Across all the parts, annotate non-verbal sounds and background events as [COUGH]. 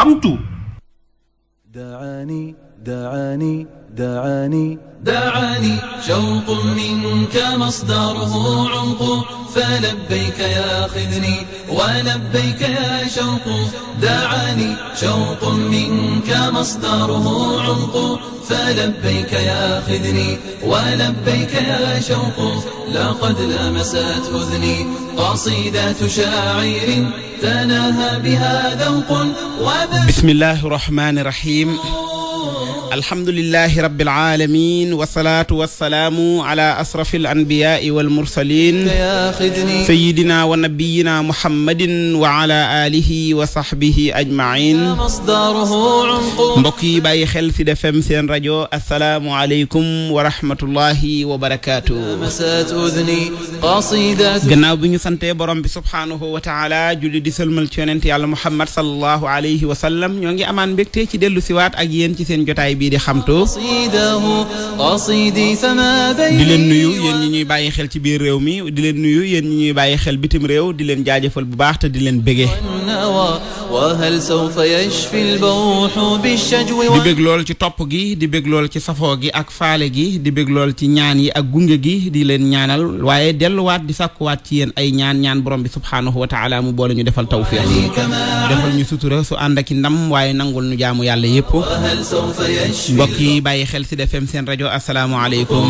xam tu daani daani daani daani shawqun minka masdaruhu unqu fa labbayka ya xidni ولبيك يا شوق دعاني شوق منك مصدره عمق فلبيك يا خذني ولبيك يا شوق لقد لمست أذني قصيدة شاعر تناهى بها ذوق بسم الله الرحمن الرحيم alhamdulilahi rabbil alamin wasalaatu wasalaamu ala asrafi al anbiyaai wal mursalin sayidina wa nabiyina muhammadin wa ala yi bàyyi xel ci Sud seen rajo asalaamu aleykum wa rahmatullahi wa barakaatu gannaaw bi ñu santee borom bi subhaanahu wa taala julli di sëlmal ci yonent yàlla muhammad sallallahu alayhi wa sallam ñoo ngi amaan ci dellu siwaat ak yéen ci seen jotaay bii di xamtu di leen nuyu yéen ñu ñuy bàyyi xel ci biir réew mi di leen nuyu yéen ñi ñuy bàyyi xel bitim réew di leen jaajëfal bu baax te di leen bége di bég lool ci topp gi di bég lool ci safoo gi ak faale gi di bég ci ñaan yi ak gunge gi di leen ñaanal waaye delluwaat di sàkkuwaat ci yéen ay ñaan ñaan borom bi subhaanahu wa taala mu boole ñu defal tawfiq defal ñu sutura su ànd ndam waaye nangul ñu jaamu yàlla yépp mbokk yi bàyyi xel ci defem seen rajo asalaamaaleykum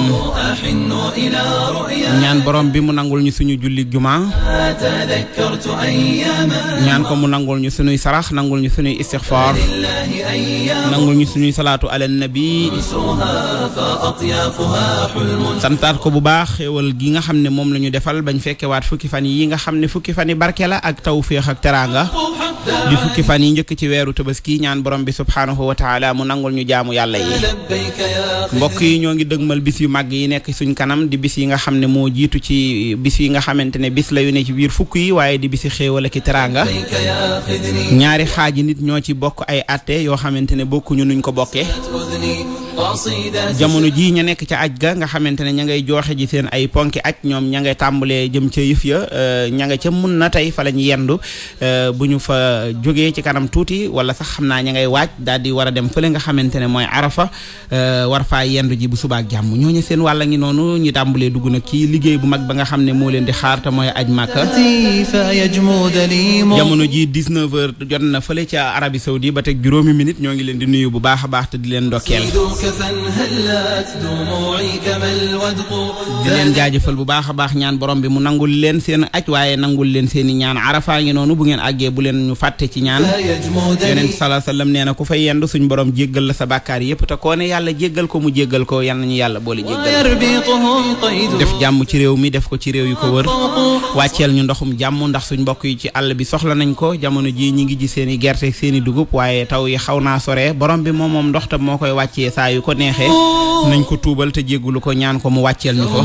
ñaan borom bi mu nangul ñu suñu julli juma ñaan ko mu nangul ñu suñuy sarax nangul ñu suñuy istixfaar nangul ñu suñuy salaatu ala nabi santaat ko bu baax xewal gi nga xam ne moom la ñu defal bañ waat fukki fan yi nga xam ne fukki fan yi barke la ak tawféex ak teraanga di fukki fan yi njëkk ci weeru tabaski ñaan borom bi subhaanahu wa taala mu nangul ñu jaamu yàlla yi mbokk yi ñoo ngi dëgmal bis yu màgg yi nekk suñ kanam di bis yi nga xam ne moo jiitu ci biss yi nga xamante ne bis la yu ne ci biir fukk yi waaye di bisi xéewal ki teraanga ñaari xaaji nit ñoo ci bokk ay atte yoo xamante ne bokkuñu nuñ ko bokkee jamono jii ña nekk ca aj ga nga xamante ne ña ngay jooxe ji seen ay ponki aj ñoom ña ngay tàmbalee jëm ca yëf ya euh, ña nga ca mun na tey fa lañ yendu euh, bu ñu fa jógee ci kanam tuuti wala sax xam naa ña ngay waaj daal di war a dem nga xamante ne mooy arafa euh, war faa yendu ji bu subaak jàmm ñooñu seen wàlla ngi noonu ñu tàmbalee dugg na ki liggéey bu mag ba nga xam ne moo leen di xaar te mooy aj màkka jamono jii 19 heures jot na fële ca Arabie Saoudi ba teg juróomi minute ñoo ngi leen di nuyu bu baax a baax te di leen ndokkeel di leen jaajëfal bu baax a baax ñaan borom bi mu nangul leen seen aj waaye nangul leen seen ñaan arafaa ngi noonu bu ngeen àggee bu leen ñu fàtte ci ñaan yonent salaa sallam nee na ku fay yendu suñ borom jéggal la sa bakkaar yépp te koo ne yàlla jéggal ko mu jéggal ko yal ñu yàlla boole jéggal def jàmm ci réew mi def ko ci réew yu ko wër wàcceel ñu ndoxum jàmm ndax suñ mbokk yi ci àll bi soxla nañ ko jamono ji ñi ngi ji seen gerte seeni dugub waaye taw xaw naa sore saa yu ko neexee nañ ko tuubal te jéggulu ko ñaan ko mu wàcceel ñu ko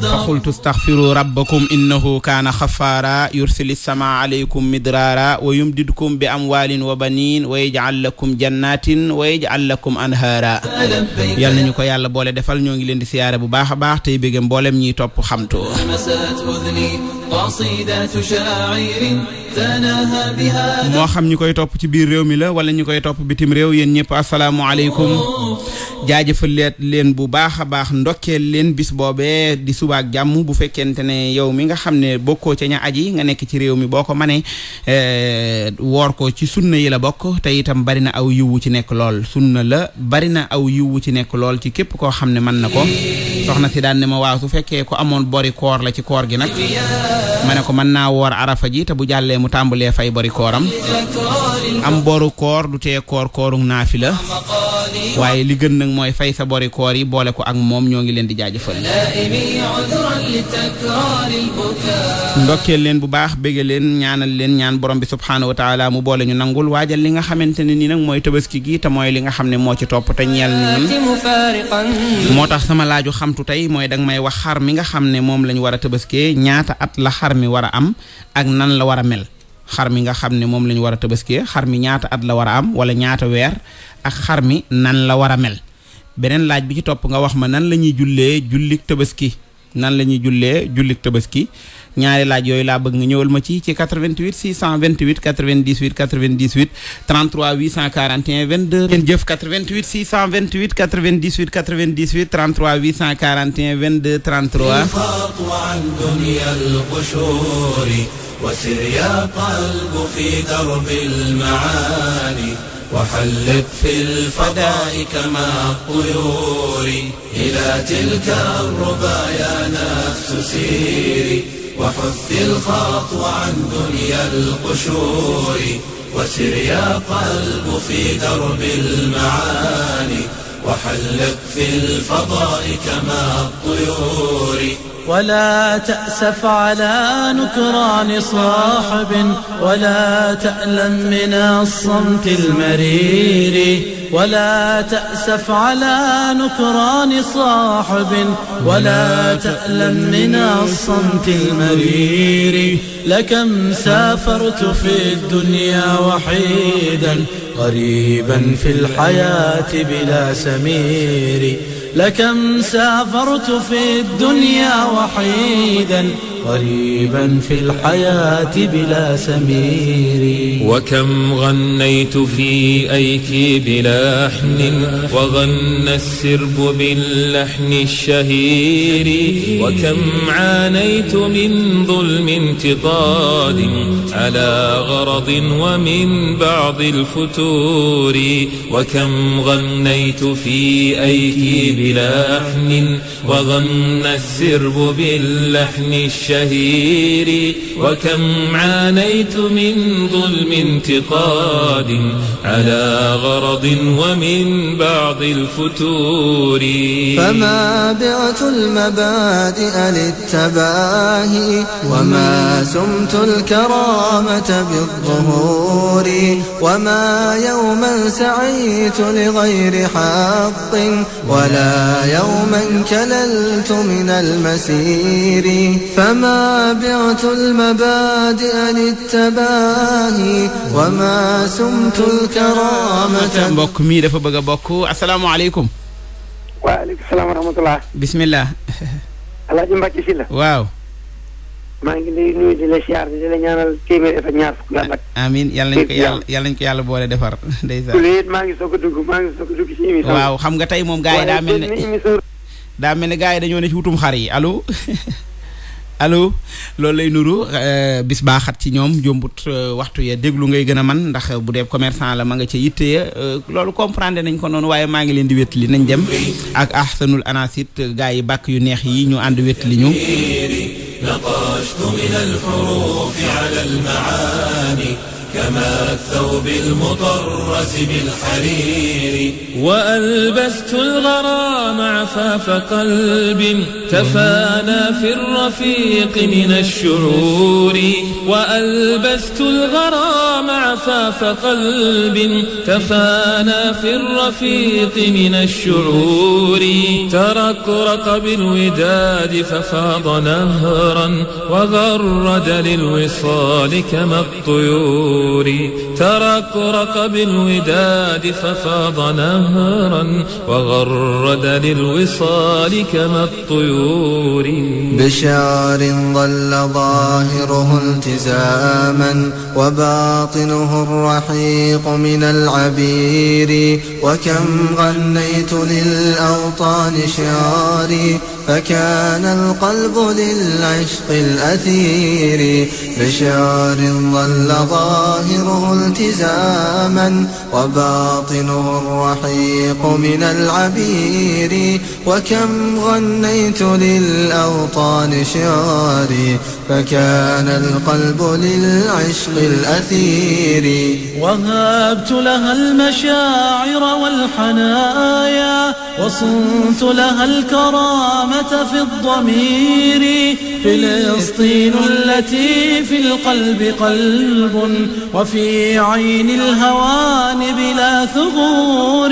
fa qultu staxfiru rabbakum innahu kaana xafaara yursili sama alaykum midraara wa yumdidkum bi amwaalin wa baniin wa yajcal lakum jannatin wa yajcal lakum anhaara yal nañu ko yàlla boole defal ñoo ngi leen di siyaare bu baax a baax tey bégge mboolem ñiy topp xamtu moo xam ñu koy topp ci biir réew mi la wala ñu koy topp bitim réew yéen ñëpp asalaamualeykum jaajëfal leen bu baax a baax ndokkeel leen bis boobee di subaak jàmm bu fekkente ne yow mi nga xam ne bokkoo ca ña aji nga nekk ci réew mi boo ko mënee eh, woor ko ci sunna yi la bokk te itam bari na aw yiwu ci nekk lool sunna la bari na aw yiwu ci nekk lool ci képp koo xam ne mën na ko soxna si daan ma waaw su fekkee ko amoon bori la ci koor gi nag ma ne ko mën naa woor arafa ji te bu jàllee mu tàmbalee fay bori kooram am boru koor du tee koor kooru naafi la waaye li gën nag mooy fay sa bori yi boole ko ak moom ñoo ngi leen di jaajëfal ndokkeel leen bu baax bégge leen ñaanal leen ñaan borom bi subhaanahu wa mu boole ñu nangul waajal li nga xamante ne nii nag mooy tabaski gi te mooy li nga xam ne moo ci topp te ñeel ñun moo tax sama laaju xamtu tey mooy danga may wax xar mi nga xam ne moom lañu war a tabaskee ñaata at la xar mi war a am ak nan la war a mel xar mi nga xam ne moom la ñu war a tabaskiyee xar mi ñaata at la war a am wala ñaata weer ak xar mi nan la war a mel beneen laaj bi ci topp nga wax ma nan la ñuy jullee jullik tabaski nan la ñuy jullee jullik tabaski ñaari laaj yooyu laa bëgg nga ñëwal ma ci ci 88 628 98 98 33 841 22. ngeen jëf 88 628 98 98 33 841 22 33. وسر يا قلب في درب المعاني وحلق في الفداء كما الطيور إلى تلك الربا يا نفس سيري وحث الخط عن دنيا القشور وسر يا قلب في درب المعاني وحلق في الفضاء كما الطيور ولا تأسف على نكران صاحب ولا تألم من الصمت المرير ولا تأسف على نكران صاحب ولا تألم من الصمت المرير لكم سافرت في الدنيا وحيدا غريبا في الحياة بلا سمير لكم سافرت في الدنيا وحيدا قريبا في الحياة بلا سمير وكم غنيت في أيكي بلحن وغنى السرب باللحن الشهير وكم عانيت من ظلم انتقاد على غرض ومن بعض الفتور وكم غنيت في أيكي بلحن وغنى السرب باللحن الشهير شهيري وكم عانيت من ظلم انتقاد على غرض ومن بعض الفتور فمابعة المبادئ للتباهي وما سمت الكرامة بالظهور وما يوما سعيت لغير حق ولا يوما كللت من المسير فما فما بعت المبادئ للتباهي وما سمت dafa bëgg a bokk asalaamaaleykum waaleykum salaam wa rahmatullah bismillah alaaji Mbacke Sylla ngi lay nuyu di la siyaar di la ñaanal ko yàlla yàlla nañ ko yàlla boole waaw xam nga tey moom gaa yi daa mel ne daa mel ne gaa yi dañoo ne ci wutum xar yi allo [LAUGHS] allo loolu lay nuru euh, bis baa xat ci ñoom jombut euh, waxtu ya déglu ngay gën a man ndax euh, bu dee commerçant la ma nga ca yitte ya loolu comprender nañ ko noonu waaye maa ngi leen di wétali nañ dem ak ahsanul anasit gaa yi bàkk yu neex yi ñu ànd wétali ñu naqashtu min al-huruf ala كما الثوب المطرز بالحرير وألبست الغرام عفاف قلب تفانى في الرفيق من الشعور وألبست الغرام عفاف قلب تفانى في الرفيق من الشعور تركرق بالوداد ففاض نهرا وغرد للوصال كما الطيور الدهور ترى كرق بالوداد ففاض نهرا وغرد للوصال كما الطيور بشعر ظل ظاهره التزاما وباطنه الرحيق من العبير وكم غنيت للأوطان شعاري فكان القلب للعشق الأثير بشعر ظل ظاهره التزاما وباطنه الرحيق من العبير وكم غنيت للأوطان شعاري فكان القلب للعشق الأثير وهبت لها المشاعر والحنايا وصنت لها الكرامة الرحمة في الضمير فلسطين التي في القلب قلب وفي عين الهوان بلا ثغور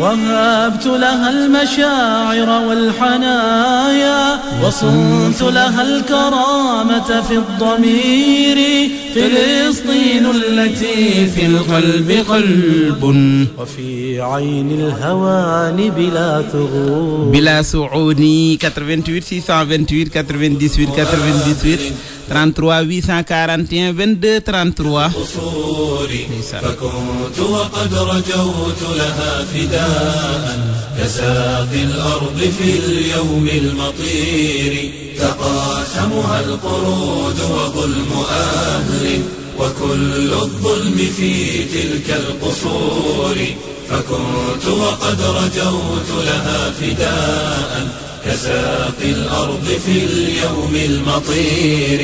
وهبت لها المشاعر والحنايا وصنت لها الكرامة في الضمير فلسطين التي في القلب قلب وفي عين الهوان بلا ثغور بلا سعوني 88 628 98 98 33 841 22 33 فكنت وقد رجوت لها فداء كساقي الأرض في اليوم المطير تقاسمها القرود وظلم أهل وكل الظلم في تلك القصور فكنت وقد رجوت لها فداء كساقي الأرض في اليوم المطير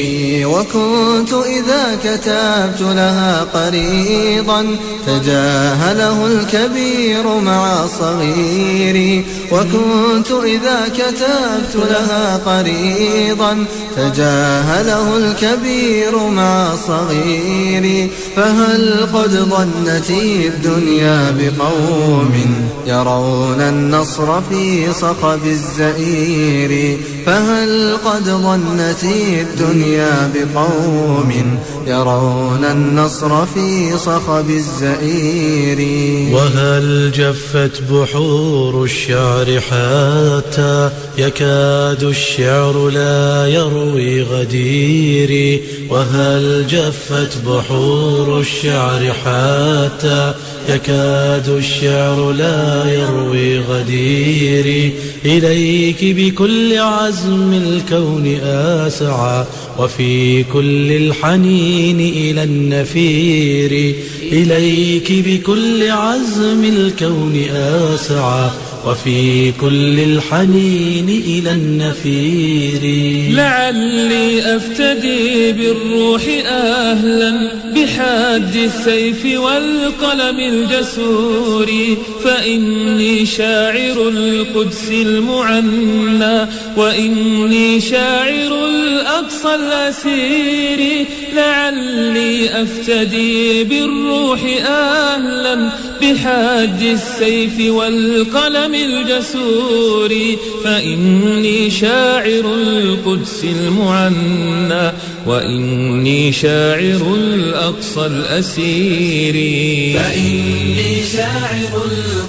وكنت إذا كتبت لها قريضا تجاهله الكبير مع صغيري وكنت إذا كتبت لها قريضا تجاهله الكبير مع صغيري فهل قد ظنتي الدنيا بقوم يرون النصر في صخب الزئير الخير فهل قد ظنت الدنيا بقوم يرون النصر في صخب الزئير وهل جفت بحور الشعر حتى يكاد الشعر لا يروي غديري وهل جفت بحور الشعر حتى يكاد الشعر لا يروي غديري إليك بكل عزم عزم الكون آسعا وفي كل الحنين إلى النفير إليك بكل عزم الكون آسعا وفي كل الحنين إلى النفير لعلي أفتدي بالروح أهلا بحد السيف والقلم الجسور فإني شاعر القدس المعنى وإني شاعر الأقصى الأسير لعلي أفتدي بالروح أهلا بحاج السيف والقلم الجسور فإني شاعر القدس المعنى وإني شاعر الأقصى الأسير فإني شاعر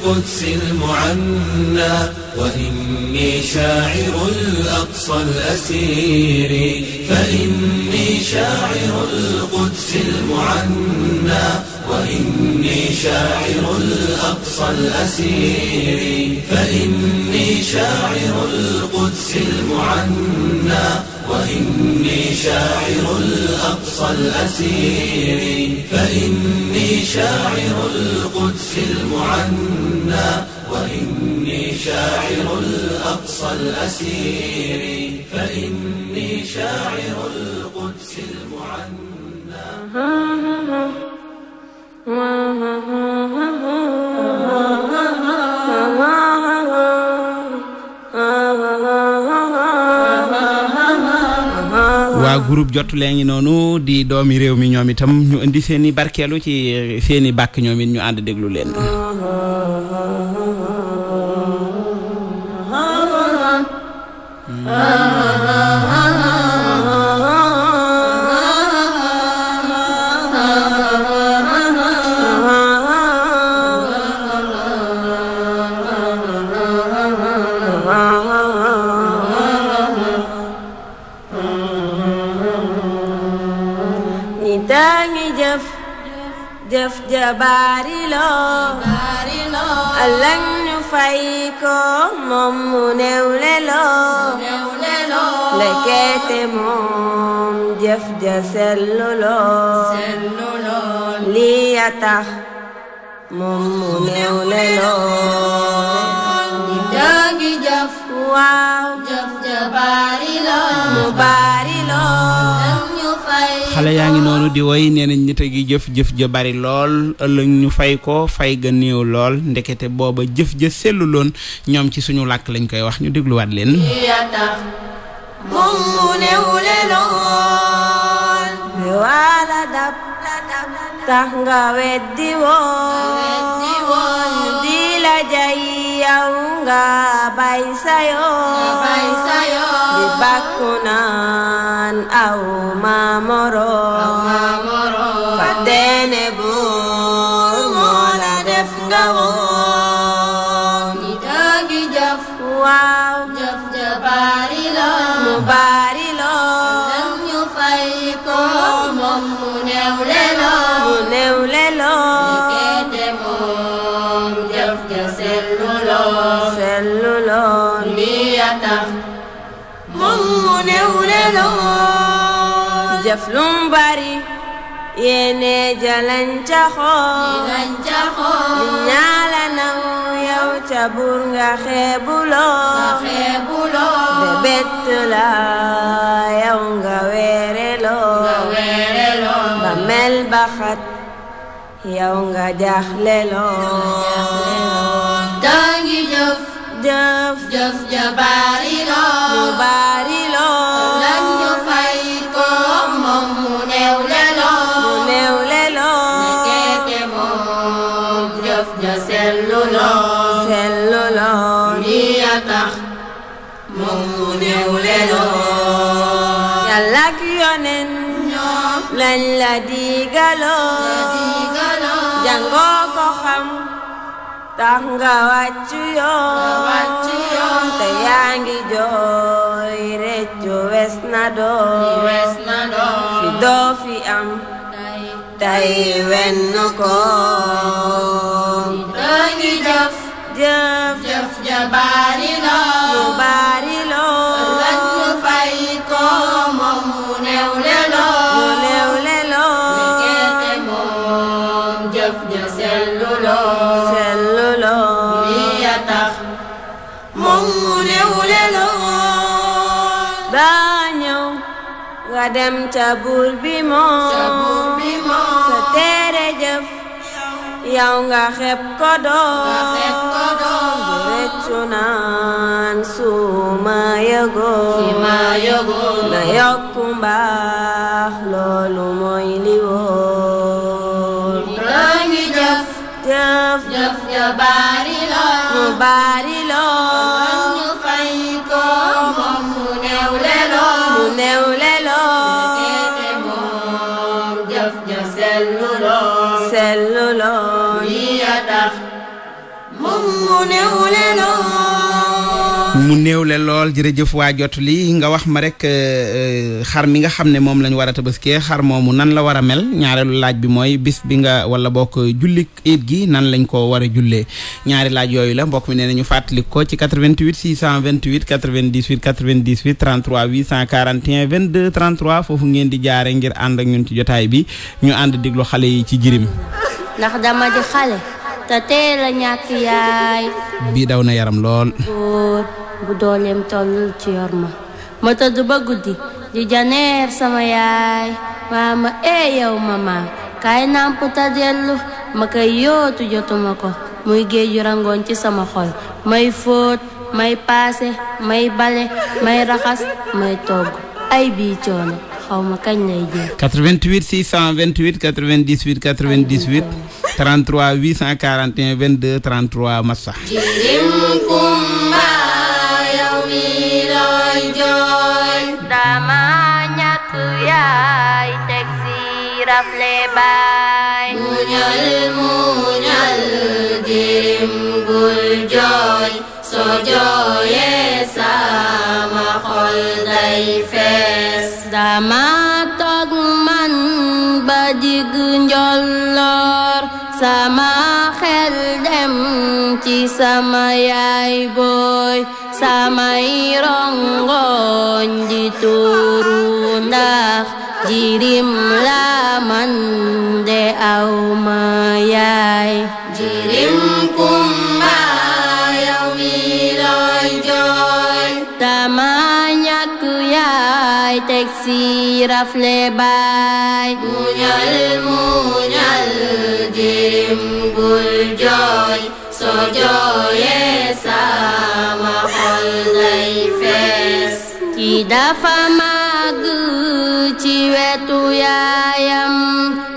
القدس المعنى وإني فإني شاعر الأقصى الأسير فإني شاعر القدس المعنى وإني شاعر الأقصى الأسير فإني شاعر القدس المعنى وإني شاعر الأقصى الأسير فإني شاعر القدس المعنى وإني شاعر الأقصى الأسير فإني شاعر القدس المعنى waa groupe Jotulé ngi noonu di doomi réew mi ñoom itam ñu indi seeni barkeelu ci seeni bàkk ñoom it ñu ànd déglu leen jëf jëf ja bari loo bari loo fay moom mu ja sellu loo moom mu néew leloo di dëggi jëf waaw jëf ja baari loo mu baari xale yaa ngi noonu di woy nee nañ nit gi jëf jëf ja bari lool ëllëg ñu fay ko fay ga néew lool ndekete booba jëf ja sellu loon ñoom ci suñu làkk lañ koy wax ñu dégluwaat leen tax nga weddi woon di la jay yow nga bay yoon di bàkku man aw ma moroom fàttee ne buur moo la def nga woon ñi dëggi waaw jëf ja baari mu baari lool dem ñu fay ko moom mu néew le mu néew le lool ñi keete moom jëf ja mi ya tax mu néew le jëf lum bari yéene jalañ ca ca bur nga xeebuloo de bett la yow nga weereloo ba mel ba xat yow nga jaxleloo dangi jëf jëf ja bari loo dañ la digaloo jàngoo ko xam tax nga wàccu yoon te yaa ngi jooy reccu wes na doo fi doo fi am tey wenn ko dem ca buur bi moom sa teere jëf yow nga xeb ko doon bu reccu naan suuma yëgoon na yokku mbaax loolu mooy li woon raa ngi jëf jëf jëf ja baari lool mu baari mu néew lee lool jërëjëf waa jot li nga wax ma rek euh, xar mi nga xam ne moom lañu ñu war a tabaskee xar moomu nan la war a mel ñaareelu laaj bi mooy bis bi nga wala bokk julli it gi nan lañ ko war a jullee ñaari laaj yooyu la mbokk mi nee na ñu fàttali ko ci 88 628 98 98 33 841 22 33 foofu ngeen di jaare ngir ànd ak ñun ci jotaay bi ñu ànd diglu xale yi ci jirim ndax dama di xale te teel a ñàkk yaay. bii daw na yaram lool. góor bu dooleem tollul ci yor ma. ma tëdd ba guddi di janeer sama yaay waa ma ee yow mama kaay nàmp ta dellu ma koy yootu jotuma ko muy géeju rangoon ci sama xol may fóot may paase may bale may raxas may togg ay bii coono. xaw ma kañ lay jeex. 88 628 98 98 33 841 22 33 Massa. muñal muñal jirim gul jooy soo jooyee sama toog man ba jig njolloor sama xel dem ci sama yaay booy samay rongoñ di tuuru ndax jirim la man de aw ma yaay si rafle baay muñal muñal jirim bul jooy soo jooyee sama xol lay fees ki dafa màgg ci wetu yaayam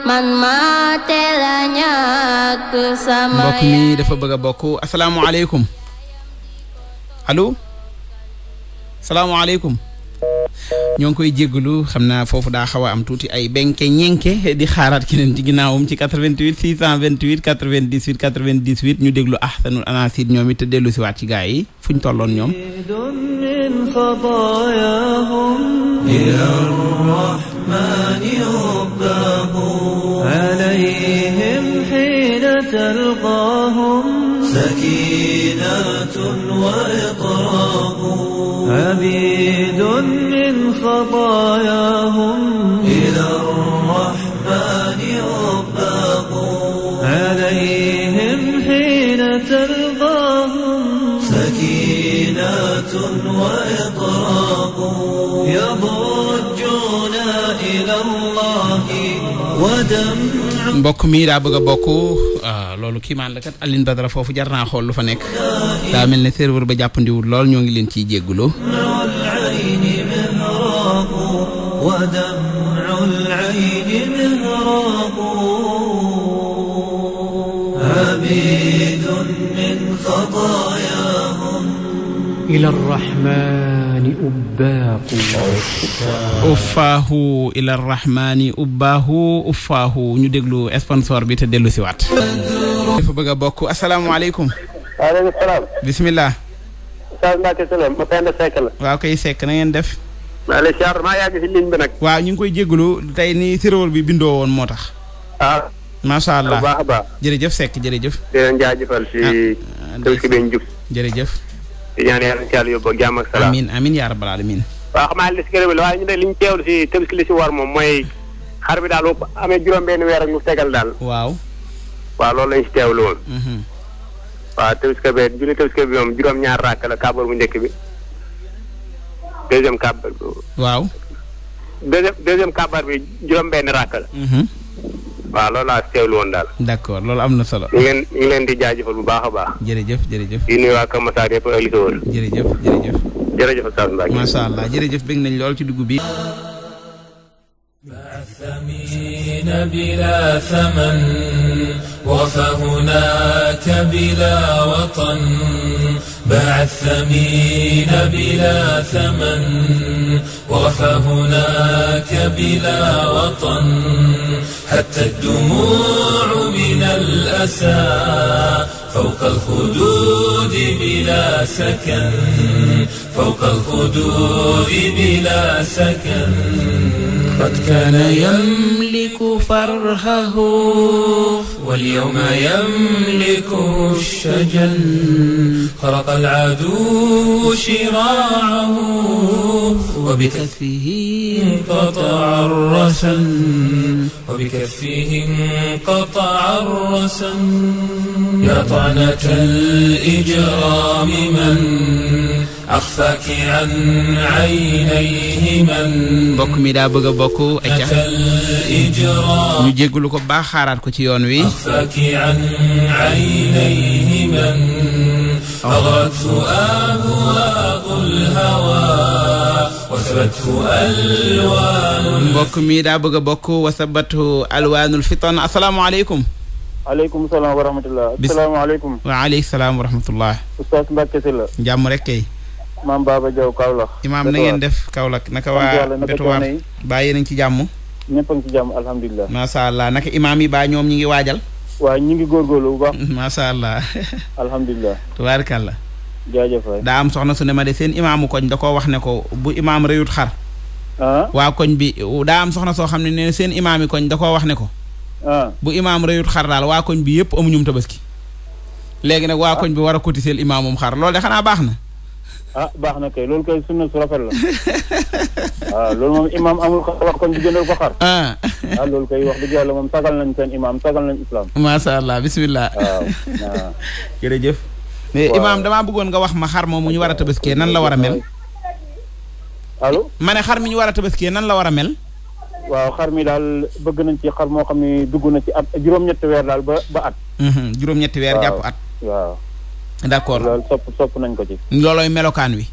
man maa teel a ñàkk sama mbokk mi dafa bëgg a bokk asalaamualeykum allo salaamualeykum ñoo ngi koy jégalu xam naa foofu daa xaw a am tuuti ay benke ñenke di xaaraat keneen ci ginnaawam ci 88 628 98 98 ñu déglu ahsanul anasid ñoom it te dellu si waat ci gaa yi fu ñu tolloon ñoom تلقاهم سكينة وإقراب عبيد خطاياهم إلى الرحمن يباقون عليهم حين تلقاهم سكينات وإطراق يضجون إلى الله ودم mbokk mi daa bëgg a bokk ah, loolu kiimaan la kat Alioune Badara foofu jar naa xool lu fa nekk daa mel ne serveur ba jàppandiwul lool ñoo ngi leen ciy jégguloo ودمع العين مهراق عبيد من خطاياهم إلى الرحمن أباق أفاه إلى الرحمن أباه أفاه ñu déglu sponsor bi te dellu si waat dafa bëgg a bokk asalaamaaleykum waaleykum salaam bismillah Oustaz Mbacké Sylla ma Penda Seck la waaw kay Seck na ngeen def maa ngi lay maa yàgg si ligne bi nag. waaw ñu ngi koy jégalu tey ni serveur bi bindoo woon moo tax. ah. macha allah ah, a baax. jërëjëf Seck jërëjëf. di leen jaajëfal si. Ah. tënk bi njub. jërëjëf. di ñaan yàlla ci yàlla yóbbu ak jàmm ak salaam. amiin amiin yaa rabbal aalamiin. ñu ne li ñu teewlu si tënk si war moom mooy xar bi daal amee juróom-benn weer ak lu tegal daal. waaw. waaw loolu lañ si teewlu woon. Mhm. waaw tënk juróom-ñaar rakk la bu njëkk bi deuxième kàbbar bi. waaw. deuxième deuxième kàbbar bi juróom-benn rakk la. Mhm. waaw loolu laa teewlu woon daal. d' accord loolu am na solo. ñu leen ñu leen di jaajëfal bu baax a baax. jërëjëf jërëjëf. di nuyu waa Kër Masar yëpp ak li ko wër. jërëjëf jërëjëf. jërëjëf Oustaz allah jërëjëf bëgg nañ lool ci dugub bi. مع الثمين بلا ثمن وفهناك بلا وطن باع الثمين بلا ثمن وفهناك بلا وطن حتى الدموع من الأسى فوق الخدود بلا سكن فوق الخدود بلا سكن قد كان يملك فرهه واليوم يملكه الشجن خرق العدو شراعه وبكفه انقطع الرسن وبكفه انقطع الرسن يا طعنة الإجرام من أخفاك عن عينيه من mbokk mi daa bëgg a bokk aca ñu jégglu ko baax xaaraat ko ci yoon wi أخفاك عن عينيه من أغرت أبواب الهوى mbokk mi daa bëgg a bokk wasabatu alwaanul fitan asalaamaaleykum. waaleykum salaam wa rahmatulah. bis. asalaamaaleykum. waaleykum salaam wa rahmatulah. Oustaz Mbacke Sylla. jàmm rek kay. maam Baba Diaw Kaolack. imaam na ngeen def Kaolack naka waa bàyyi nañ ci jàmm. ñëpp a ngi ci jàmm alhamdulilah. macha allah naka imaam yi ba ñoom ñi ngi waajal. waaw ñu ngi góorgóorlu bu [LAUGHS] allah. [LAUGHS] alhamdulilah. tubaarkàlla. jaajëf waay daa am soxna su ne ma de seen imaamu koñ da ko wax ne ko bu imaam rëyut xar. Ah? waa koñ bi daa am soxna soo xam ne ne seen imaam yi da koo wax ne ko. Ah. bu imaam rëyut xar daal waa koñ bi yëpp amuñu tabaski. léegi nag waa ah. koñ a cotiser imaamum xar loolu de baax na. ah baax na kay loolu kay sunna su rafet la waaw [LAUGHS] ah, loolu moom imaam amul ko wax kon di jëndal ko xar. ah, ah loolu koy wax dëgg yàlla moom sagal nañ seen imaam sagal nañ islam. macha allah bisimilah. waaw waaw. [LAUGHS] jërëjëf. mais imaam damaa bëggoon nga wax ma xar moom mu ñu war a tabaskee nan la war a mel. ma ne xar mi ñu war a tabaskee nan la war a mel. waaw xar mi daal bëgg nañ ci xar moo xam ne dugg na ci at juróom-ñetti weer daal ba ba at. Mhm, juróom-ñetti weer jàpp at. d'accord loolu sopp sopp nañ ko ci. loolooy melokaan wi.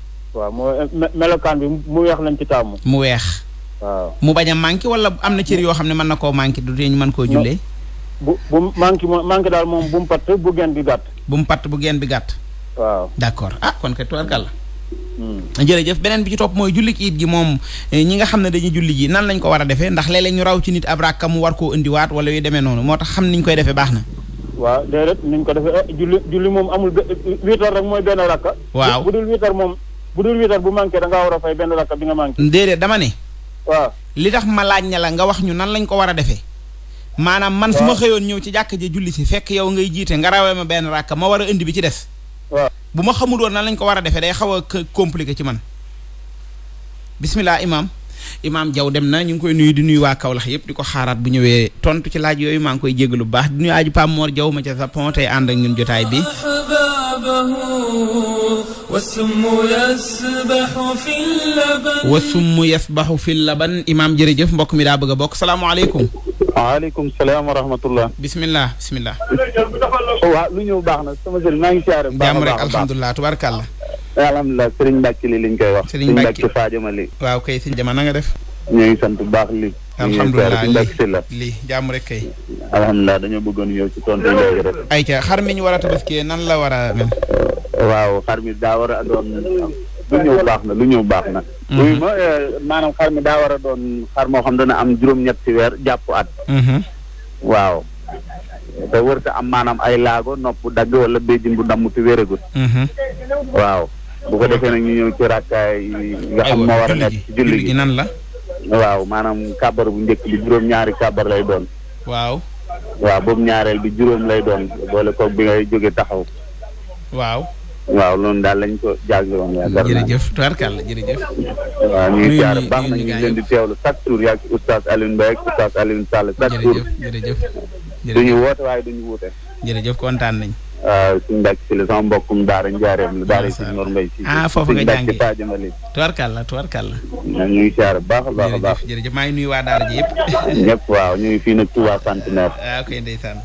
moo melokaan bi mu weex lañ ci taamu. mu weex. waaw mu bañ a manqué wala am na cër yoo xam ne mën na koo manqué du dee ñu mën koo jullee. bu bu manqué moom manqué daal moom bu mu patt bu geen bi gàtt. bu mu patt bu geen bi gàtt. waaw d'accord ah kon kay tubarkàlla. Hmm. jërëjëf beneen bi ci topp mooy julli iit gi moom eh, ñi nga xam ne dañuy julli ji nan lañ ko war a defee ndax léeg-léeg ñu raw ci nit ab rakka mu war koo indiwaat wala demee noonu moo tax xam niñ koy defee baax na. waaw déedéet niñ ko defee eh, julli julli moom amul huit heures rek mooy benn rakka. waaw bu dul huit heures moom bu dul huit heures bu manqué da ngaa war a fay benn rakka bi nga manqué. déedéet dama ne. waaw li tax ma laaj ña la nga wax ñu nan lañ ko war a defee. maanaam man su ma xëyoon ñëw ci jàkk ji julli si fekk yow ngay jiite nga rawee ma benn rakka ma war a indi bi ci des. waaw bu ma xamul woon nan lañ ko war a defee day xaw a compliqué ci man. bismillah imaam. imaam Diaw dem na ñu ngi koy nuyu di nuyu waa kawlax yëpp di ko xaaraat bu ñëwee tontu ci laaj yooyu maa ngi koy jégalu bu baax di nuyu aaju Pam Mor Diaw ma ca Japon tey ànd ak ñun jotaay bi. wasummu yasbaxu fi laban imaam jërëjëf mbokk mi daa bëgg bokk salaamaaleykum. waaleykum salaam wa rahmatullah. bisimilah bisimilah. waaw lu ñëw baax na sama sëriñ maa ngi alhamdulilah Serigne Mbacke li liñ koy wax. Serigne Mbacke Fadio Mali. waaw kay sëñ Jama na nga def. ñu ngi sant bu baax li alhamdulilah li li jàmm rek kay. alhamdulilah dañoo bëggoon yow ci tontu léegi rek. ayca xar mi ñu war a tabaskiyee nan la war a mel. waaw xar mi daa war a doon lu ñëw baax na lu ñëw baax na. muy mhm. ma eh, maanaam xar mi daa war a doon xar moo xam dana am juróom-ñetti ñett weer jàpp at. Mhm. waaw. te wërta am maanaam ay laago nopp dagg wala béjjin bu damm te wéragut. Mhm. waaw. bu ko defee nag ñu ñëw ci rakkaay nga xam ma war a nekk ci gi nan la waaw maanaam kàbbar bu njëkk bi juróom ñaari kàbbar lay doon waaw waaw boobu ñaareel bi juróom lay doon boole koog bi ngay jóge taxaw waaw waaw loolu daal lañ ko jàngiwoon yaa gar jërëjëf tubarkàlla jërëjëf waaw ñuy jaar baax na ñu leen di teewlu chaque jour yaa ci oustaz Alioune Mbaye ak oustaz Alioune Sall chaque jour jërëjëf jërëjëf duñu woote waaye duñu wuute jëf kontaan nañ Euh, suñu mbàkk si la sama mbokkum daara njaareem la daara si Noor Mbaye si ah, ah foofu nga jàngee tubarkalla tubarkalla ñu ngi siyaar bu baax baax baax jërëjëf maa ngi nuyu waa daara ji yëpp [LAUGHS] ñëpp waaw ñu ngi fii nag Touba Centenaire ah koy ndeysaan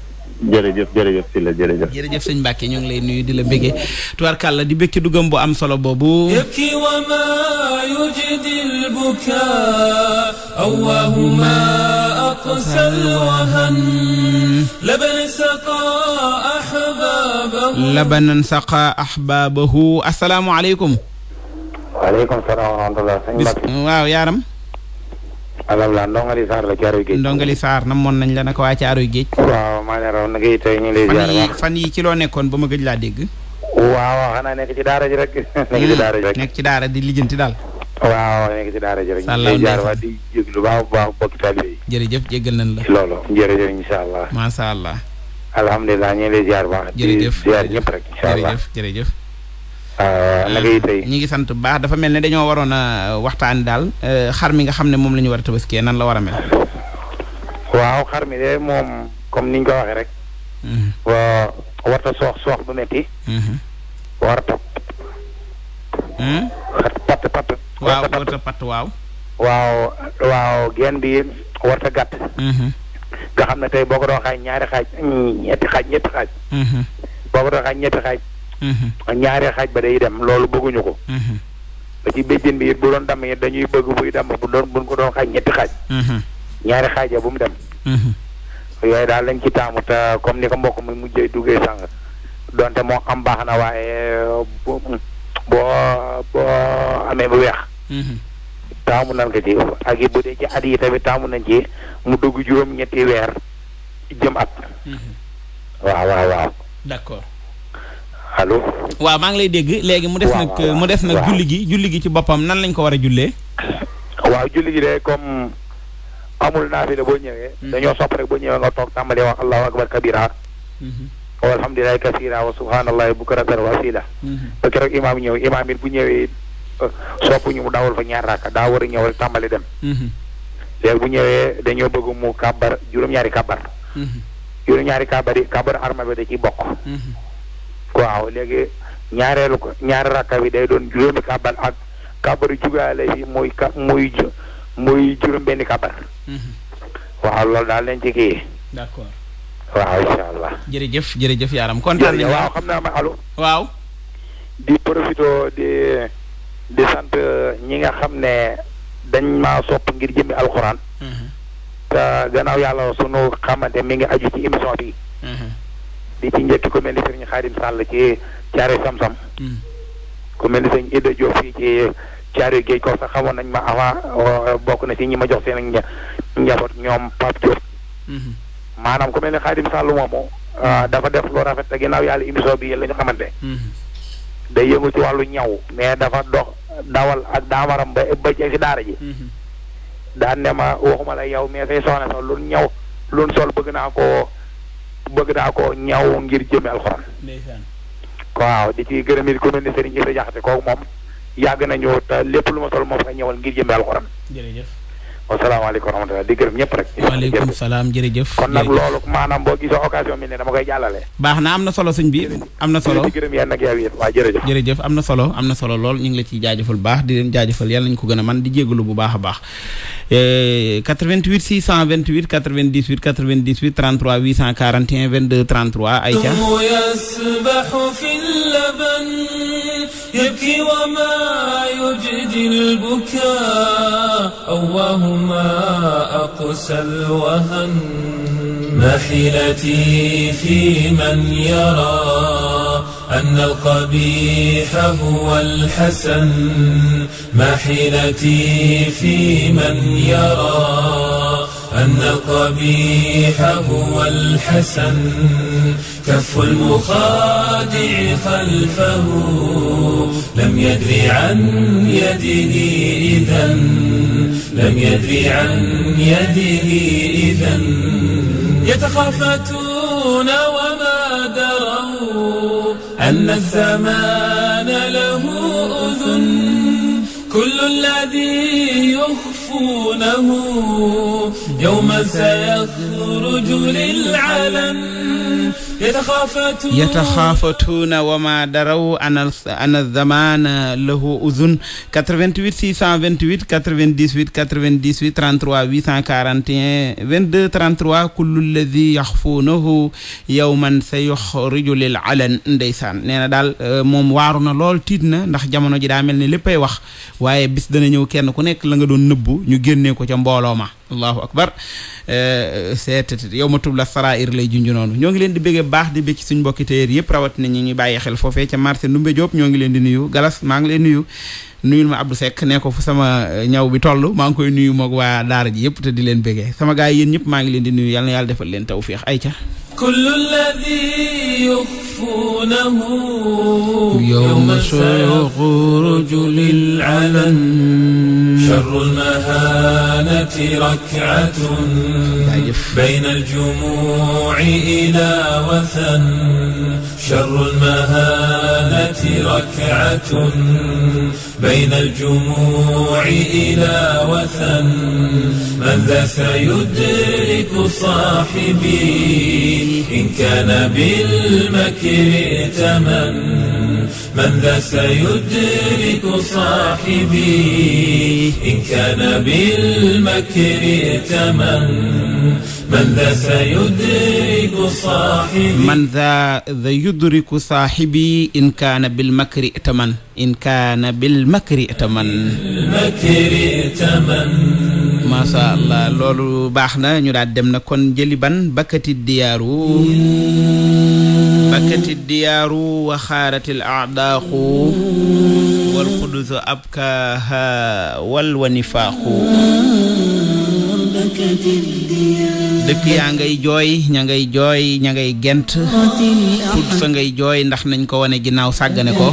jërëjëf jërëjëf si la jërëjëf jërëjëf sëñ Mbàkke ñu ngi lay nuyu di la béggee tubarkalla di bég ci dugam bu am solo boobu yabki wa ma yujdi al buka awwahuma aqsal wahan hmm. labanan saqa ahbaabahu asalaamualeykum. waaleykum salaam wa rahmatulah. sëñ Mbacke waaw yaaram. alhamdulilah Ndongali Sarr la Caaroy Géej. Ndongali na moon nañ la naka waa Caaroy Géej. waaw maa ne raw fan yi ci loo nekkoon ba ma gëj laa dégg. waaw xanaa [LAUGHS] nekk ci daara ji rek. nekk ci daara di lijjanti daal. waaw nekk ci daara ji rek. ñu ngi jaar waa di jéglu baax jërëjëf jéggal nañ la. loolu jërëjëf incha allah. alhamdulilah ñu ngi lay ziar baax. jërëjëf di rek incha jërëjëf jërëjëf. Ah, euh, ñu ngi sant bu baax dafa mel ne dañoo waroon a waxtaan daal euh, xar mi nga xam ne moom la ñu war a tabaskee nan la war a mel. waaw xar mi de moom comme ni ñu ko waxee rek. Mhm. waa warta soox soox bu metti mhm. warta patt hmm? patt waaw waaw waaw waaw genn warta gàtt mhm. nga xam ne tey boo ko doon xaaj ñaari xaaj ñetti xaaj ñetti xaaj. Mm-hmm. boo ko doon xaaj ñetti xaaj. Mm-hmm. ñaari xaaj ba day dem loolu bëgguñu ko. Mm-hmm. ba ci béjjén bi it bu doon damm it dañuy bëgg buy damm bu doon ko doon xaaj ñetti xaaj. ñaari xaaj ya bu mu dem. yooyu daal lañ ci taamu te comme ni ko mbokk mi mujjee duggee sàng donte moo am baax na waaye boo boo amee bu weex. taamu nan ko ci ak yi bu dee ci at yi tamit taamu nañ ci mu dugg juróom-ñetti weer jëm at. Mm-hmm. waaw waaw waaw. d'accord. allo. waaw maa ngi lay dégg léegi mu des nag mu des nag julli gi julli gi ci boppam nan lañ ko war a jullee. waaw julli gi de comme amul naafila boo ñëwee. Mm-hmm. dañoo sopp rek boo ñëwee nga toog tàmbalee wax allahu akbar kabira. Mm-hmm. walhamdulilahi kasira wa subhanallahi bukratan wa asila. ba keroog imaam ñëw imaam it bu ñëwee. sopp ñu mu daawul fa ñaar raaka daa war a ñëw rek tàmbali dem mhm. léegi bu ñëwee dañoo bëgg mu kàbbar juróom-ñaari kàbbar mhm. juróom-ñaari kàbbar yi arma bi da ciy bokk mhm. waaw léegi ñaareelu ñaari rakka bi day doon juróomi kàbbar ak ka muy muy juróom benni kàbbar waaw loolu daal lañ ci kii d'accord waaw incha allah jërëjëf jërëjëf yaaram kontaan nañu waaw xam naa ma allo waaw di profito di di sant ñi nga xam ne dañ ma sopp ngir jëmmi alxuraan. Mm-hmm. te gannaaw yàlla sunu xamante mi ngi aju ci émission bi. Mm-hmm. di ci njëkk ku mel ni sëriñ Xaadim Sall ci Thiaré Samsam. Mm-hmm. ku mel ni sëriñ Ida Diop fii ci Thiaré Géej ko sax xamoon nañ ma avant euh, bokk na ci ñi ma jox seen ak njaboot ñoom Pape Diop. maanaam ku mel ni Xaadim Sall moomu euh, dafa def lu rafet te gannaaw yàlla émission bi la xamante. day yëngu ci wàllu ñaw mais dafa dox dawal ak daamaram ba ba ci daara ji mhm. daan ne ma waxuma la yow mais say soxna sax lu ñaw lu sol bëgg naa ko bëgg naa ko ñaw ngir jëme alxuraan waaw di ci gërëm it ku mel ni Serigne Issa Diakhaté kooku moom yàgg nañu te lépp lu ma sol moo sax ñëwal ngir jëme alxuraan jërëjëf wasalaamaaleykum wa rahmatulah di gërëm ñëpp rek. waaleykum salaam jërëjëf kon nag loolu maanaam boo gisoo occasion bi ne dama koy jàllale. baax na am na solo sëñ bi. am na solo di gërëm yéen ak yow jërëjëf. jërëjëf am na solo am na solo lool ñu ngi la ciy jaajëfal baax di leen jaajëfal yàlla nañu ko gën a man di jégalu bu baax a baax. 88 628 98 98 33 841 22 33 Aïcha. يبكي وما يجدي البكاء أواهما أقسى الوهن ما حيلتي في من يرى أن القبيح هو الحسن ما حيلتي في من يرى أن القبيح هو الحسن كف المخادع خلفه لم يدري عن يده إذا لم يدري عن يده إذا يتخافتون وما دار أن الزمان له أذن كل الذي يخفونه يوم سيخرج للعلن yataxaafatuuna wa ma daraw ana ana zamaana lahu uzun 88 628 98 98 33 841 22 33 kullu lladi yaxfuunahu yowman sa yuxriju lil alan ndeysaan nee na daal euh, moom waaru na lool tiit na ndax jamono ji daa mel ni léppay wax waaye bis dana ñëw kenn ku nekk la nga doon nëbbu ñu génnee ko ca mbooloo ma allahu akbar eh, seet yow ma sara sarair lay junju noonu ñoo ngi leen di bëggee baax di bëgg suñ mbokki téyeer yëpp rawat na ñi ngi bàyyi xel foofee ca marché Ndumbe Diop ñoo ngi leen di nuyu galas maa ngi leen nuyu nuyul ma Abdou Seck nee ko fu sama eh, ñaw bi toll maa ngi koy nuyu moog waa daara ji yëpp te di leen béggee sama gars yi yéen ñëpp maa ngi leen di nuyu yàlla na yàlla defal leen tawféex ay ca kullu alladhi yukhfunahu yawma shuruju lil alan sharrul mahanati rak'atun bayna al jumu'i ila wathan شر المهانة ركعة بين الجموع إلى وثن من ذا سيدرك صاحبي إن كان بالمكر ائتمن من ذا سيدرك صاحبي إن كان بالمكر ائتمن man daa sayudriku saaxibi man daa sayudriku saaxibi in kaana bil makri taman in kaana bil makri taman makri taman macha allah loolu baax na ñu daal dem na kon jëli ban bakkati diyaaru bakkati diyaaru wa xaaratil aadaaqu wal qudusu abkaaha wal wanifaaxu dëkk yaa jooy ña jooy ña gent put ngay jooy ndax nañ ko wane ginnaaw sàggane ko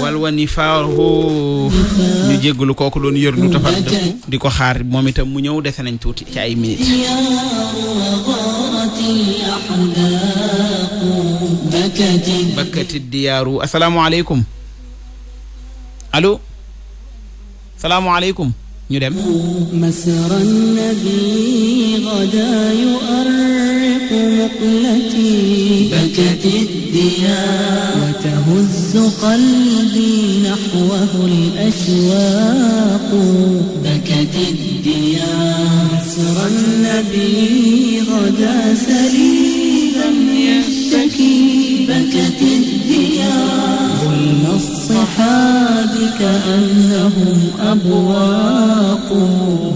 wal wanifaahu ñu jéggulu kooku doon yër lu di ko xaar moom itam mu ñëw dese nañ tuuti ci ay minit bakkati diyaaru asalaamaaleykum alo salaamaaleykum ñu dem masra nabi gada yuarriqu muqlati bakat ad-diyar wa tahuzzu qalbi nahwahu al-ashwaq bakat ad-diyar masra nabi gada salim أصحابك أنهم أبواق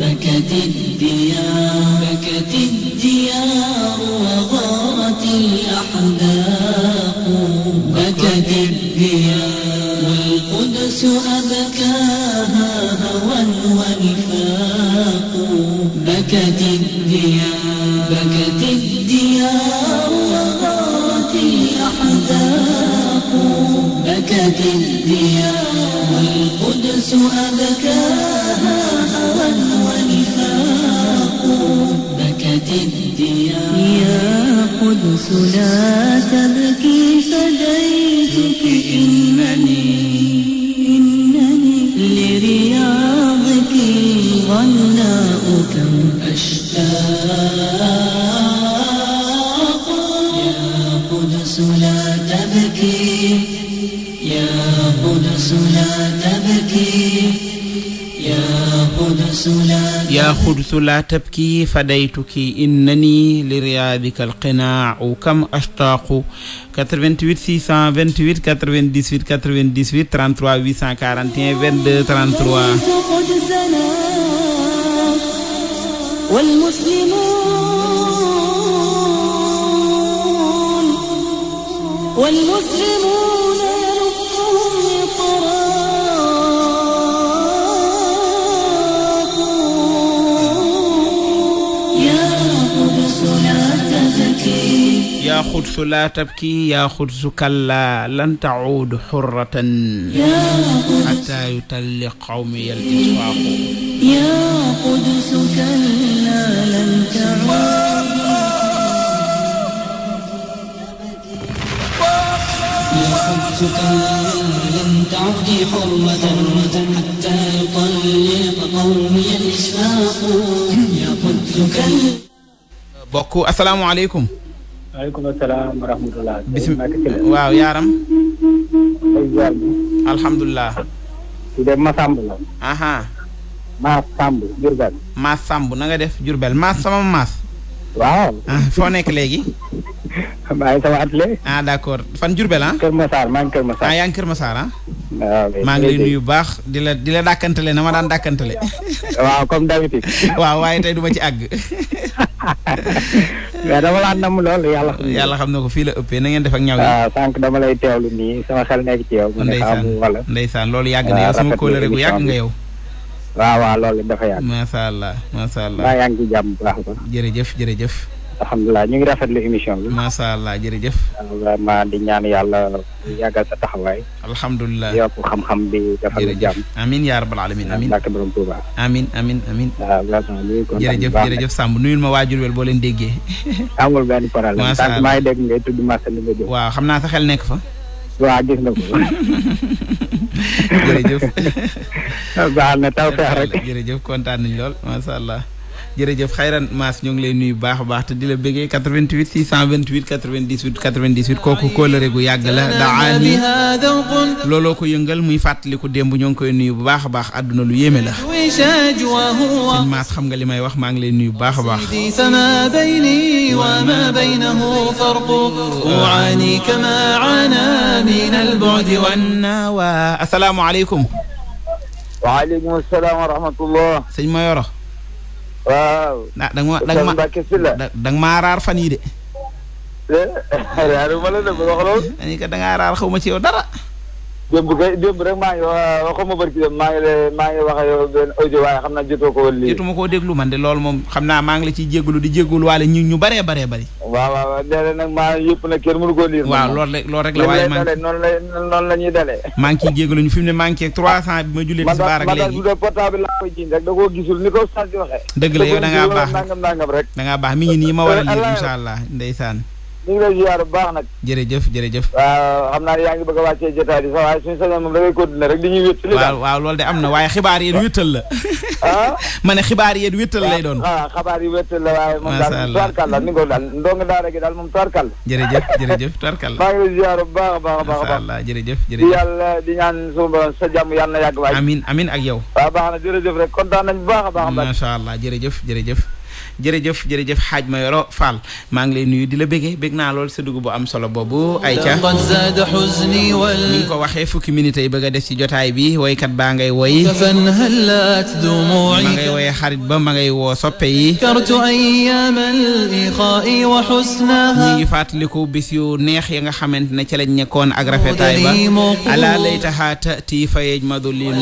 بكت الديار بكت الديار وغارت الأحداق بكت الديار والقدس أبكاها هوى ونفاق بكت الديار هي والقدس أبكاها هوى ونفاق بكت الديار يا قدس لا تبكي فديتك إنني إنني لرياضك غناء كم أشتاق yaa xudsu laa tabki fadaytuki innani li riyaadika alqinaacu kam ashtaaqu 88 628 98 98 33 841 22 33 yaa xudsu laa tabki yaa xudsu kallaa lan tacuudu xurratan xataa yutalli qawmiya al isfaaqu yaa xudsu kallaa lan tacuudu bokk asalaamaaleykum waaleykum salaam wa rahmatulah. bisimilah waaw yaaram. alhamdulilah. su dee Massamb la. def Diourbel Maas sama Maas. Ah, foo nekk léegi. [LAUGHS] maa ngi sama atelier. ah d'accord fan Diourbel ah. Kër Kër Massar. ah, ah? maa ngi lay nuyu baax di la di la dàkkantale na ma daan dàkkantale. waaw comme d'habitude. [LAUGHS] waaw waaye tey du ci àgg. [LAUGHS] [LAUGHS] mais dama laa namm lool yàlla xam yàlla xam na ko fii la ëppee na ngeen def ak ñaw yi waaw ah, sànq dama lay teewlu nii sama xel nekk ci yow ndeysaan wala ndeysaan loolu yàgg ne ah, yow sama kóolare gu yàgg nga yow waaw waaw loolu dafa yàgg macha allah macha allah yaa ngi jàmm bu baax ba jërëjëf jërëjëf alhamdulilah ñu ngi rafetlu émission bi. macha allah jërëjëf. vraiment di yàlla yàggal sa taxawaay. alhamdulilah yokk xam-xam bi. defal la jàmm amin yaa rabbal alamin amin barke borom Tuuba amin amin amin waaw vraiment jërëjëf jërëjëf Samb nuyul ma waajur wel booleen leen déggee. [LAUGHS] amul benn problème. macha allah tant maa ngi dégg ngay tudd Massa li nga jóg. waaw xam naa sa xel nekk fa. waaw gis na [LAUGHS] jërëjëf. [LAUGHS] baax na taw feex rek. jërëjëf kontaan nañu lool macha allah. jërëjëf xayran maas ñu ngi lay nuyu baax a baax te di la bëggee 88 628 98 98 kooku kóolare gu yàgg la daani looloo ko yëngal muy fàttaliku démb ñoo ngi koy nuyu bu baax a baax àdduna lu yéeme la sëñ maas xam nga li may wax maa ngi lay nuyu bu baax a baax sama bayni wa ma baynahu farqu uani kama ana min al-bu'di wan-nawa asalaamaaleykum waaleykum salaam wa rahmatullah sëñ Mayoro waaw. ah da ma da nga ma da nga maa raar fan yii de. Eh, [LAUGHS] raaruma la de bu [LAUGHS] da ngaa raar xaw ma ci yow dara. démb kay démb rek maa ngi ma bëri ci dem maa ngi lay maa wax ak yow benn waaye xam naa jotoo ko woon koo déglu man de loolu moom xam naa maa ngi la ciy jégalu di jégalu waale ñu ñu bëree bëree bëri waaw waaw nee nag maa yëpp nag kenn mënu koo liir waaw loolu rek loolu rek la waaye man noonu la ñuy dalee maa ngi ciy jégalu ñu fi mu ne maa ngi ci trois cent ma jullee ci baar dëgg la yow da ngaa baax nangam nangam rek da ngaa ngi nii a liir incha allah ñu ngi bu baax nag. jërëjëf jërëjëf. waaw naa ne a wàccee jotaay bi sax waaye suñu sañoon moom rek di ñuy loolu de am na waaye xibaar yéen wéttal la. ah [LAUGHS] ma ne xibaar yéen wéttal lay doon. waaw ah, ah, xabaar yi wéttal la waaye moom daal tubarkal la ni daal ndongo gi daal moom tubarkal. jërëjëf jërëjëf tubarkal la. maa ngi lay ziar bu baax a baax baax. jërëjëf jërëjëf di yàlla di ñaan sa jàmm yàlla na yàgg waay. amiin amiin ak yow. waaw baax na jërëjëf rek kontaan nañ bu baax a baax. macha allah jërëjëf jërëjëf jërëjëf jërëjëf xaaj Mayoro Fall maa ngi lay nuyu di la bëggee bëgg naa lool sa dugub bu am solo boobu ayca ni nga ko waxee fukki minutes yi bëgg a def ci jotaay bi woykat baa ngay woy ma woyee xarit ba ma ngay woo soppe yi ñu ngi fàttaliku bis neex ya nga xamante ne ca lañ nekkoon ak rafetaay ba ala laytaha tati fayej madulil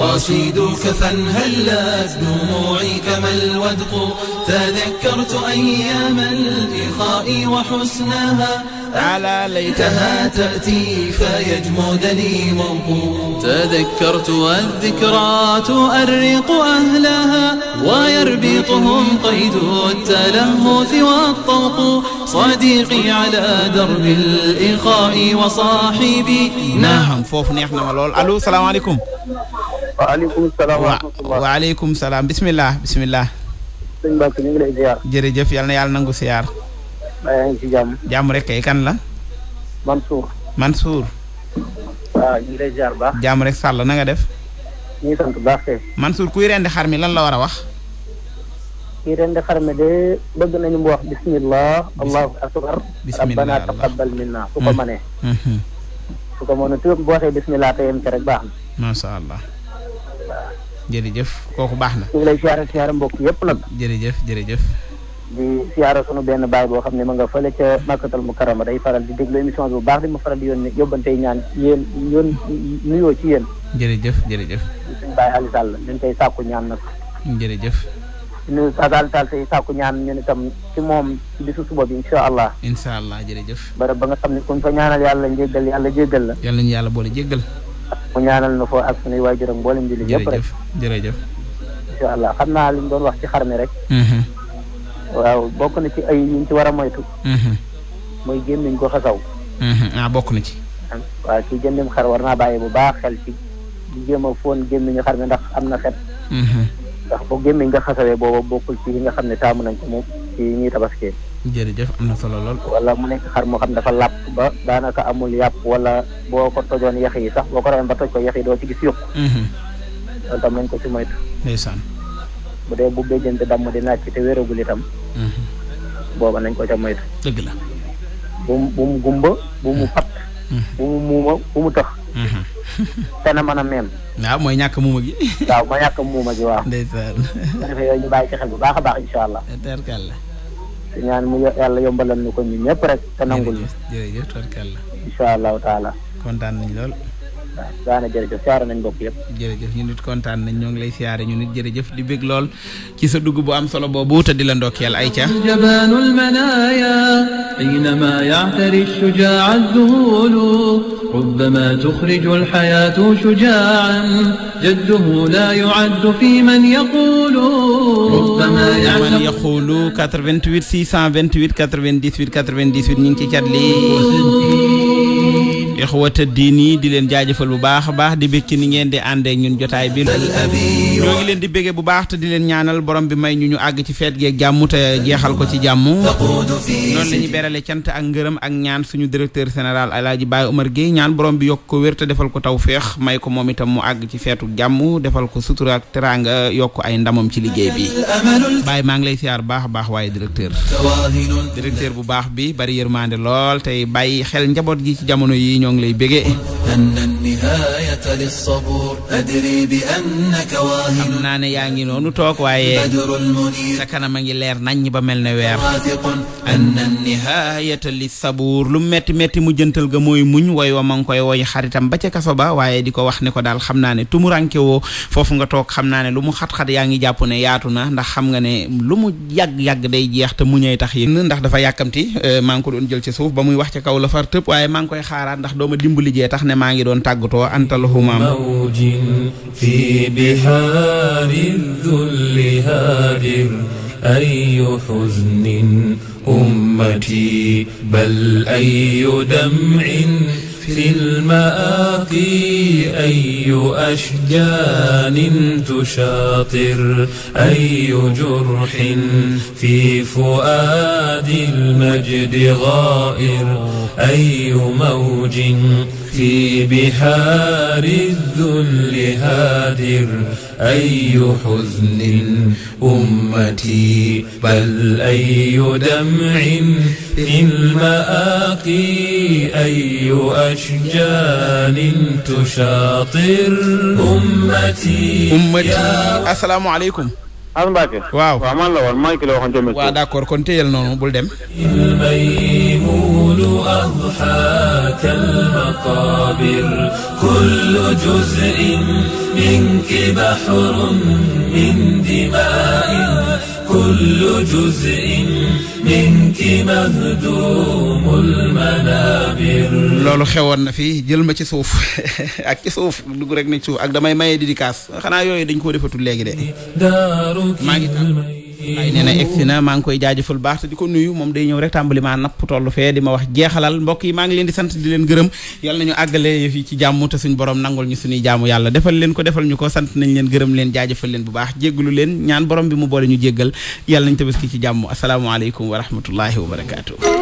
قاصدك فانهلت دموعي كما الودق تذكرت أيام الإخاء وحسنها على ليتها تأتي فيجمدني موقوف تذكرت والذكرى تؤرق أهلها ويربطهم قيد التلهث والطوق صديقي على درب الإخاء وصاحبي نعم فوف نحن ولول ألو السلام عليكم waaleykum salaam wa rahmatulah waaleykum salaam bisimilah bisimilah. sëñ Mbacke ñu ngi lay ziar. jërëjëf yal na yàlla nangu siyaar. yaa ngi ci jàmm. jàmm rek kay kan la. Mansour. Mansour. waaw ñu ngi lay baax. jàmm rek na nga def. ñu ngi sant baax kay. Mansour kuy rendi xar mi lan la war a wax. kuy rendi xar mi de bëgg nañu mu wax bismillah. allahu akbar. bismillah rabbana taqabbal minna su ko hmm. mënee. Hmm. su ko mënee tuuti bismillah baax na. macha allah. jërëjëf kooku baax na. ñu ngi lay ziar ziar mbokk yëpp nag. jërëjëf jërëjëf. di siyaara sunu benn baay boo xam ne ma nga fële ca makkatal mu karama day faral di déglu émission bi bu baax di ma faral di yónnee yóbbantey ñaan yéen yoon nuyoo ci yéen. jërëjëf jërëjëf. suñu baay Aliou Sall ñu ngi koy ñaan nag. jërëjëf. ñu Aliou Sall tey sàkku ñaan ñun itam ci moom ci bisu suba bi incha allah. incha allah jërëjëf. barab ba nga xam ne kon fa ñaanal yàlla njéggal yàlla jéggal la. yàlla ñu yàlla boole jéggal. mu ñaanal na foo ak suñuy waajuram boole mbili yëpp rek. jërëjëf jërëjëf. incha allah xam naa li wax ci xar mi rek mm-hmm. waaw bokk na ci ay yuñ ci war a moytu. mooy mhm. gémmiñ ko xasaw. Mhm, ah bokk na ci. Ah, waaw ci jëndim xar war naa bàyyi bu baax xel ci di jéem a foon gémmiñu xar mi ndax am na xet. Mhm. ndax bu gémmiñ nga xasawee booba bokkul ci yi nga xam ne taamu nañ ko moom ci yi ñuy tabaskee. jërëjëf am na solo lool. wala mu nekk xar moo xam dafa làpp ba daanaka amul yàpp wala boo ko tojoon yax yi sax boo ko rawoon ba ko yax yi doo ci gis yokku. loolu ko ci moytu. bu dee bu béjjén bi damm di naaj ci te wéragul itam. Mhm. booba nañ ko ca moytu. bu mu gumba bu mu pat. Mhm. bu mu muuma bu mu tëx. Mhm. te na mën a meem. waaw mooy ñàkk muuma gi. waaw mooy ñàkk muuma gi waaw. ndeysaan. bu defee yooyu ñu bàyyi ci xel bu baax a baax incha allah. Eh, la di ñaan mu yàlla yomba ñu ko ñun ñëpp rek. te nangul ñu jërëjëf jërëjëf allahu taala. kontaan nañ lool. waaw daana jërëjëf siyaare nañ mbokk yëpp jërëjëf ñu nit kontaan nañ ñoo ngi lay siyaare ñu nit jërëjëf di bég lool ci sa dugg bu am solo boobu te di la ndokkeel ay ca jabanu almanaya aynama ya'tari shujaa adh-dhuhul rubbama tukhriju alhayatu fi man yaqulu rubbama man yaqulu 88 628 ñu ngi ci cat ixwata diini di leen jaajëfal bu baax a baax di bég ci ni ngeen di àndeek ñun jotaay bi ñoo ngi leen di béggee bu baax te di leen ñaanal borom bi may ñu ñu àgg ci feet gee jàmm te jeexal ko ci jàmm noonu la ñu berale cant ak ngërëm ak ñaan suñu directeur général alaaji Baye Omar Gueye ñaan borom bi yokk ko wér te defal ko taw féex may ko moom itam mu àgg ci feetu jàmm defal ko sutura ak teraanga yokk ay ndamam ci liggéey bi Baye maa ngi lay siyaar baax a baax waaye directeur directeur bu baax bi bari yërmande lool tey bàyyi xel njaboot gi ci jamono yi ñoo ngi lay bégee أن النهاية للصبور أدري بأنك واهل xam naa ne yaa ngi noonu toog waaye sa kanam a ngi leer naññ ba mel ne weer أن النهاية للصبور lu metti metti mu jëntal ga mooy muñ woy wa ma ngi koy woy xaritam ba ca kaso ba waaye di ko wax ne ko daal xam naa ne tumuranke woo foofu nga toog xam naa ne lu mu xat-xat yaa ngi jàpp ne yaatu na ndax xam nga ne lu mu yàgg-yàgg day jeex te muñay tax yi ndax dafa yàkkamti euh, maa ngi ko doon jël ci suuf ba muy maa ngi doon tàggatoo antal humaam fi bihaari dhulli haadir ayu huznin ummati bal ayu dam'in في المآقي أي أشجان تشاطر أي جرح في فؤاد المجد غائر أي موج في بحار الذل هادر أي حزن أمتي بل أي دمع في المآقي أي أشجان تشاطر أمتي أمتي السلام عليkum Al Mbacke waaw waaw man la woon mooy ki la waxoon ca météo waaw d'accord kon téyel noonu bul dem الميمون أضحاك المقابر كل جزء منك بحر من دماء وكل جزء منك مهدوم المنابر loolu xewoon na fi jël ma ci suuf [LAUGHS] ak ci suuf dugg rek nañ suuf ak damay maye dédicace xanaa yooyu dañ koo defatul léegi de maa ngi waaye nee na egsi maa ngi koy jaajafal baax te di ko nuyu moom day ñëw rek mbali maa napp tollu fee ma wax jeexalal mbokk yi maa ngi leen di sant di leen gërëm yal nañu àggale yëf yi ci jàmm te suñ borom nangul ñu suñuy jaamu yàlla defal leen ko defal ñu ko sant nañ leen gërëm leen jaajafal leen bu baax jéggalu leen ñaan borom bi mu boole ñu jéggal yàlla nañ ki ci jàmm asalaamaaleykum wa rahmatullahi wa barakaatu